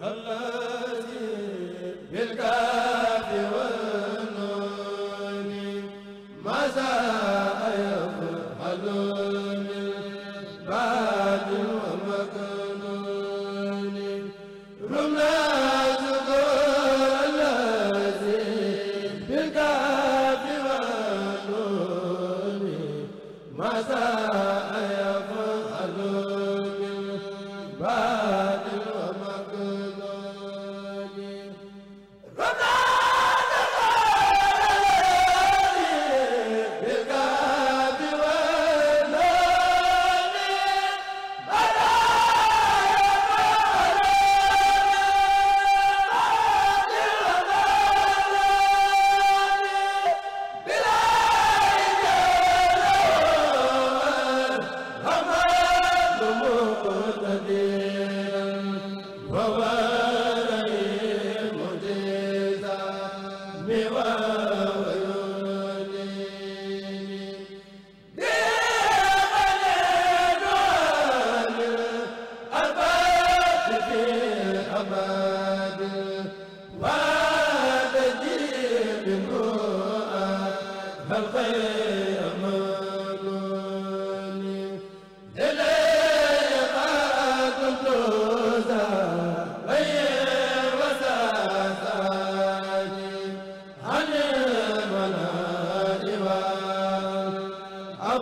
la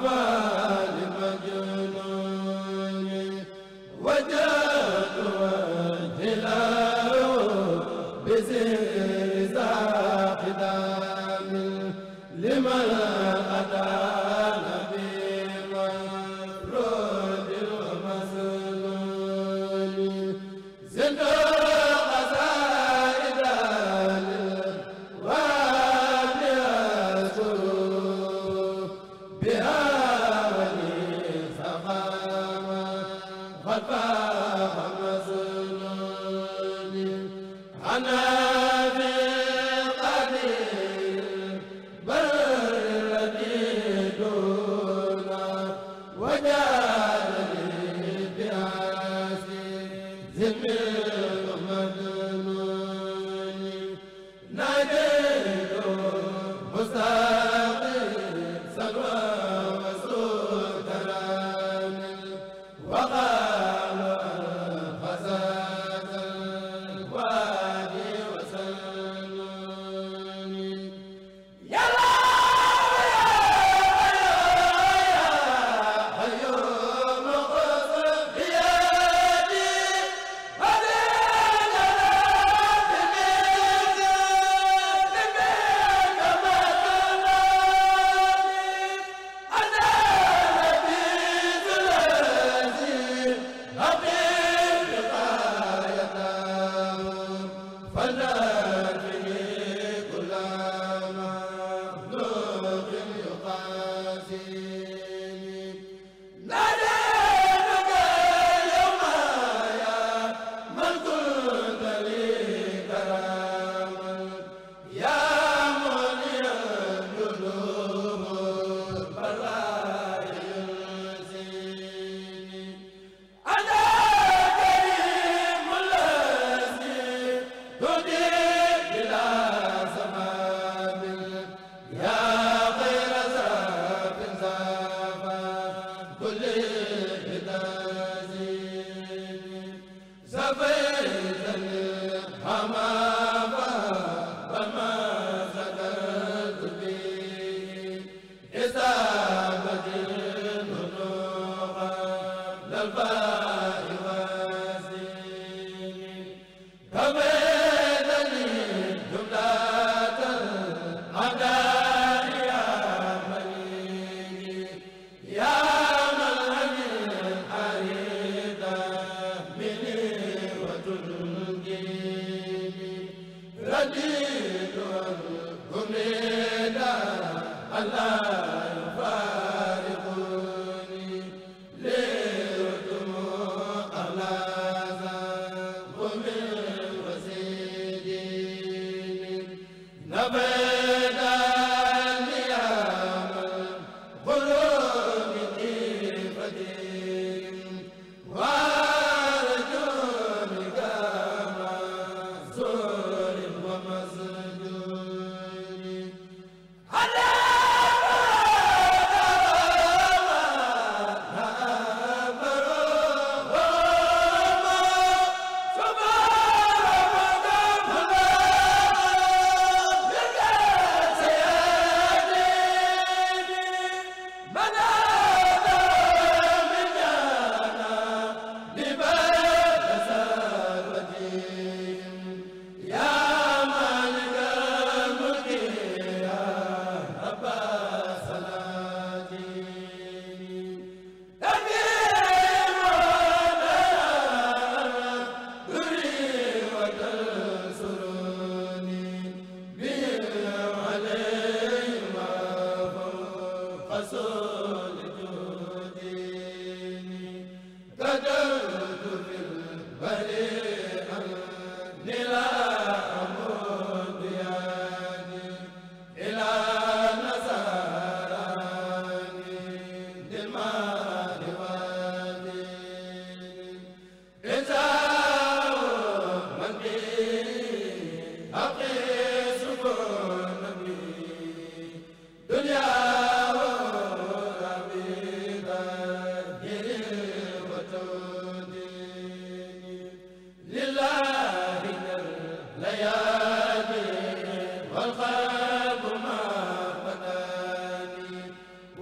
Baba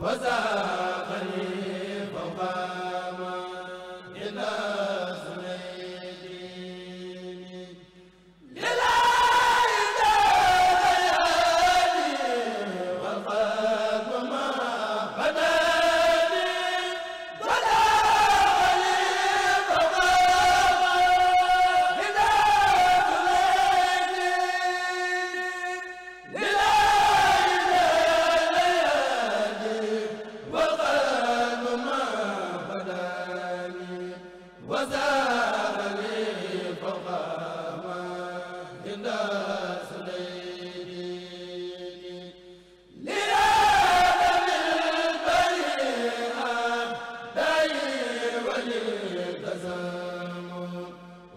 wa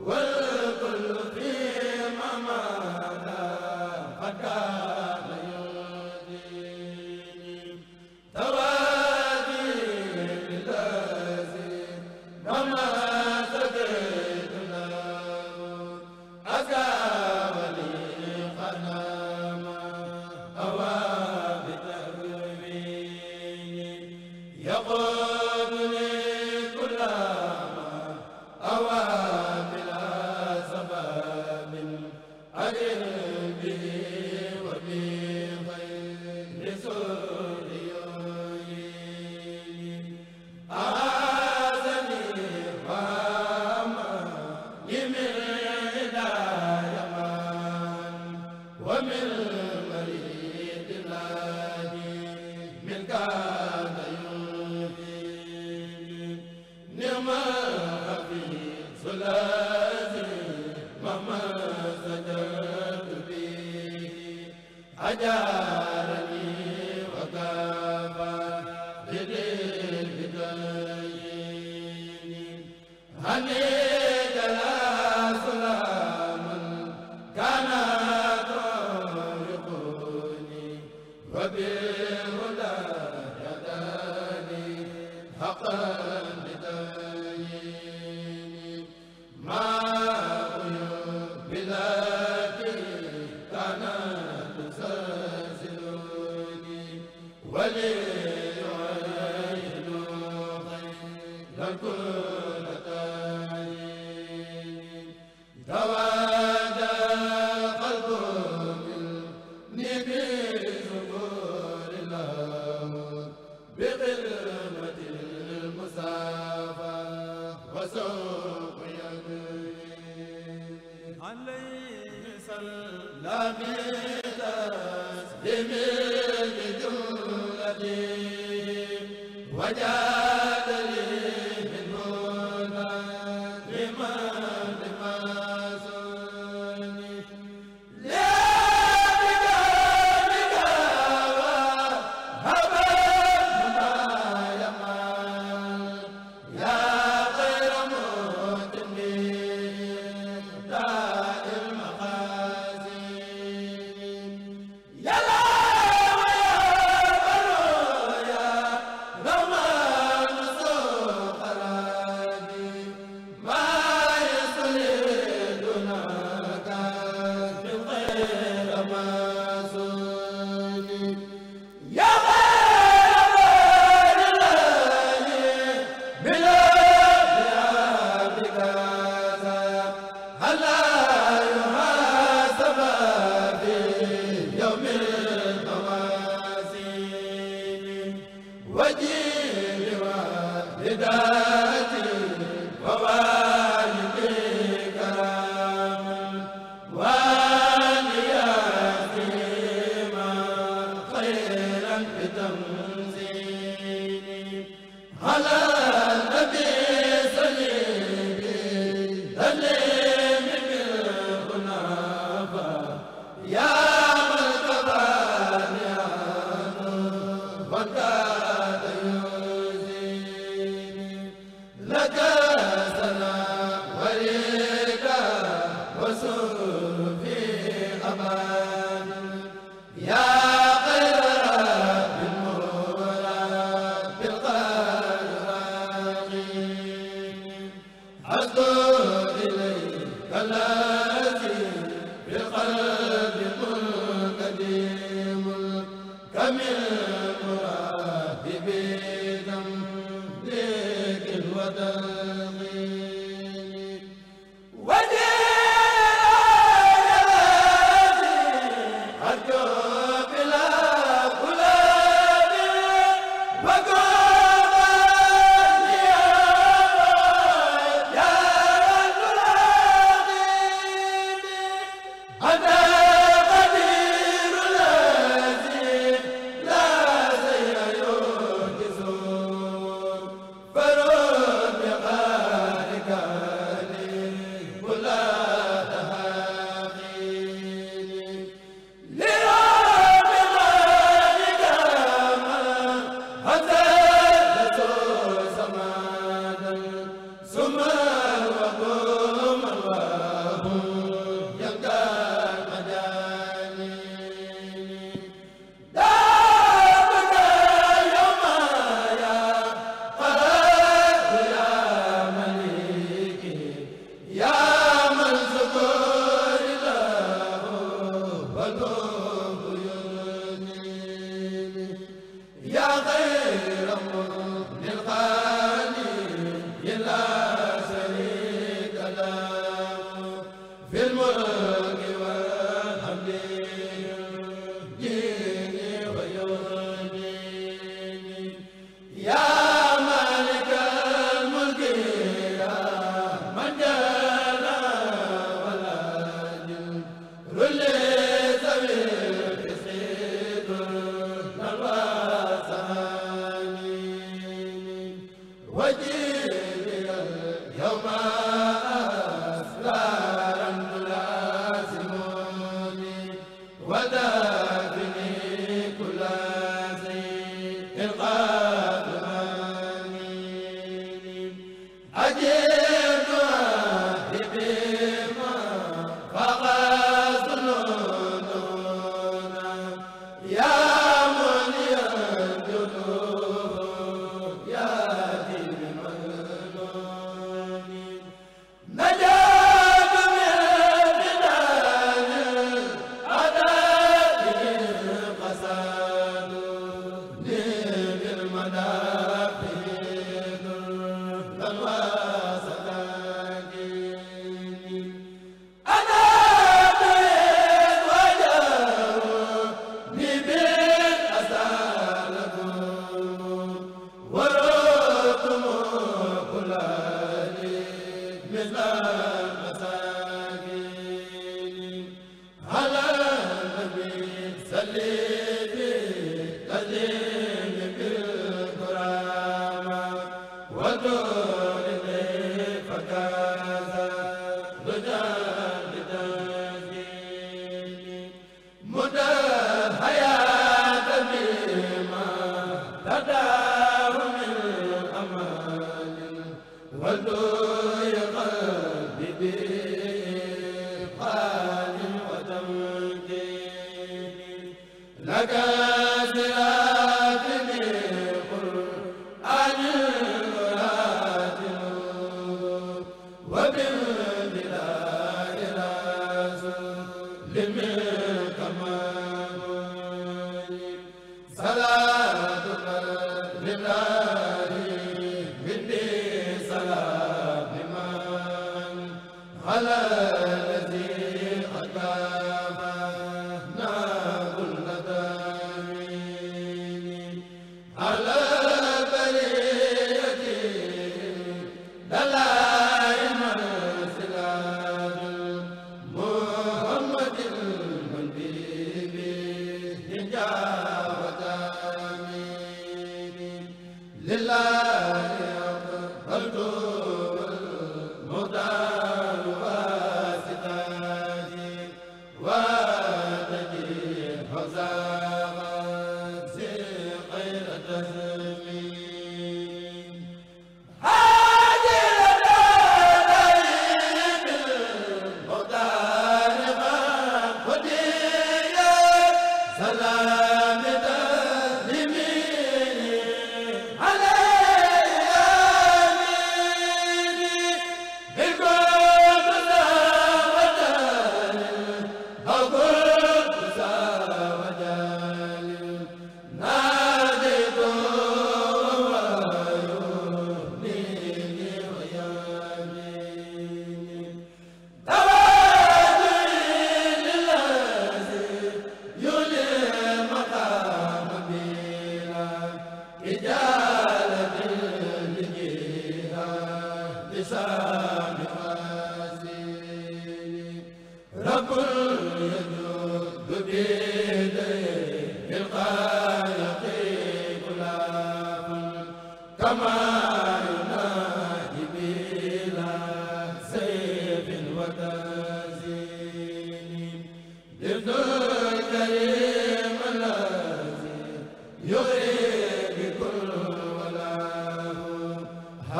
والقلب في ممانا wali amiin xadooya xabibi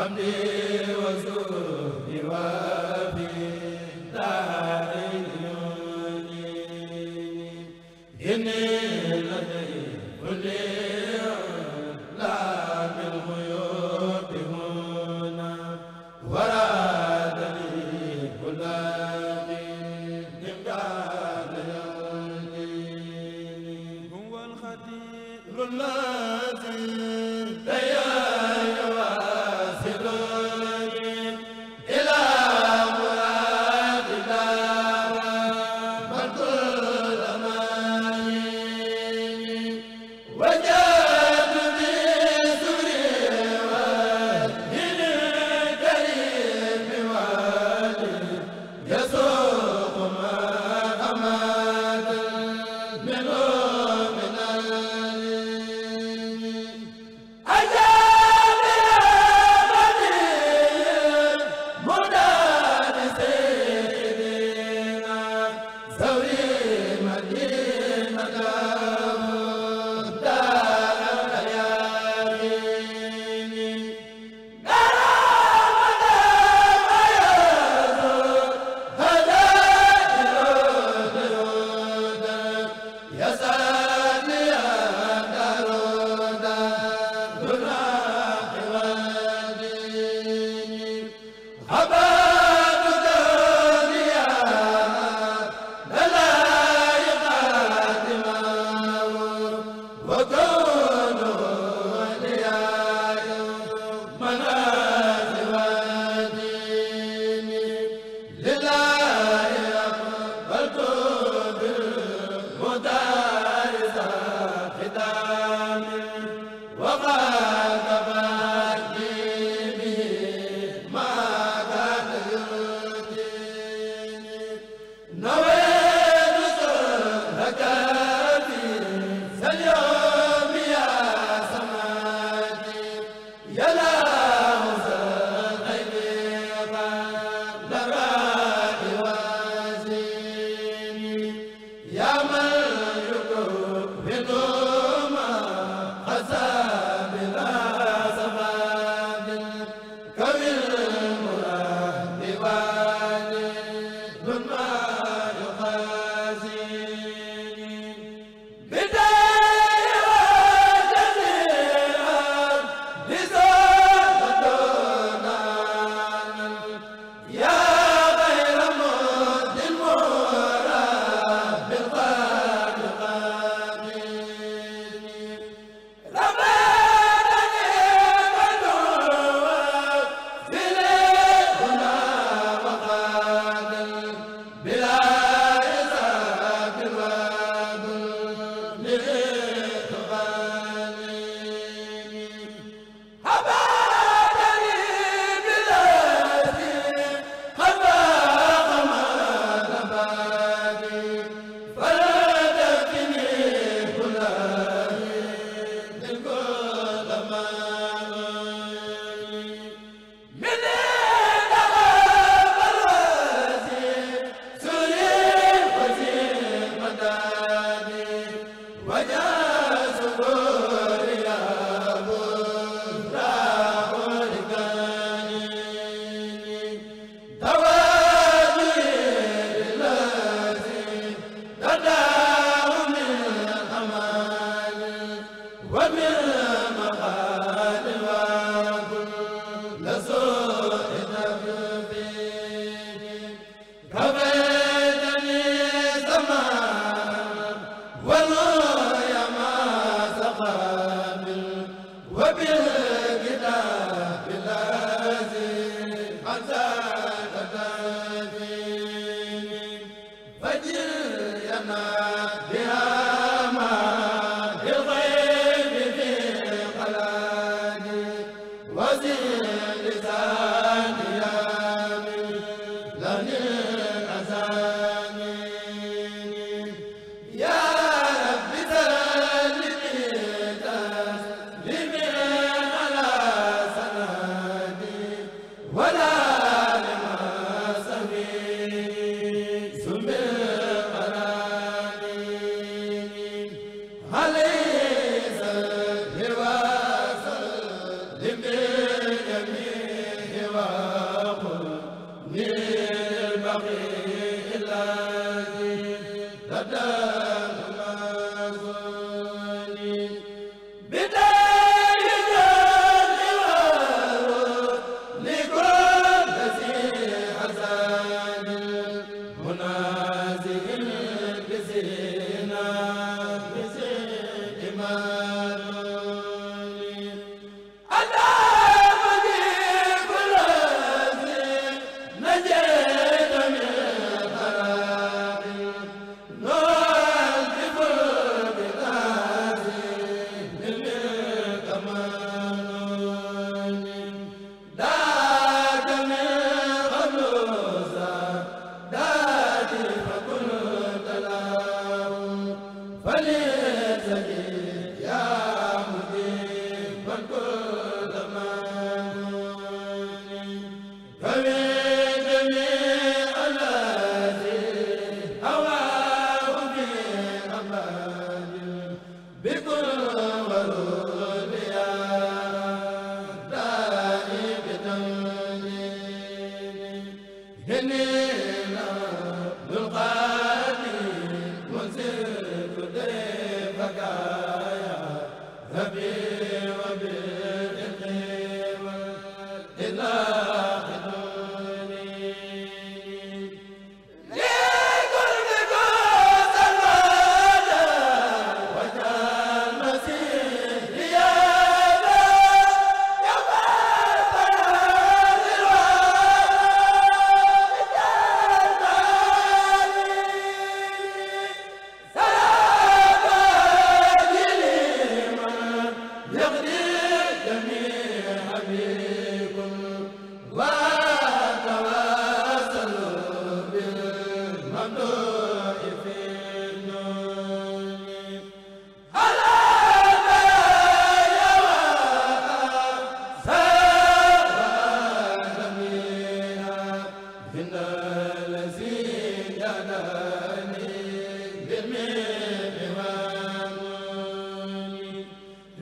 amiin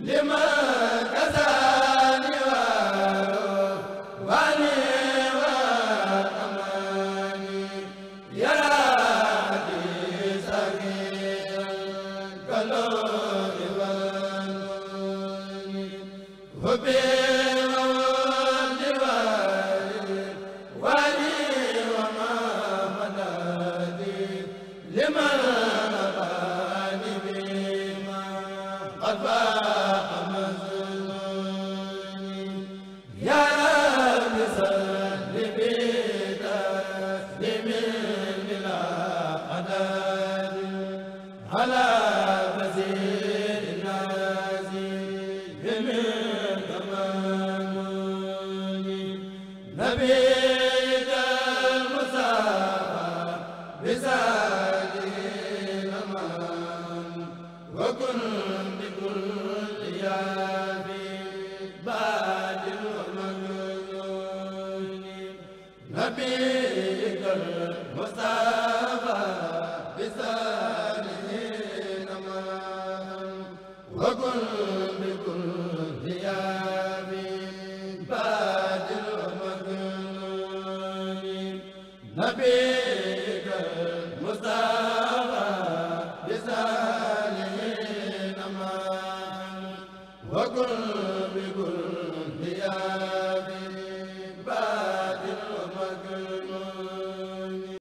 li ma Amiin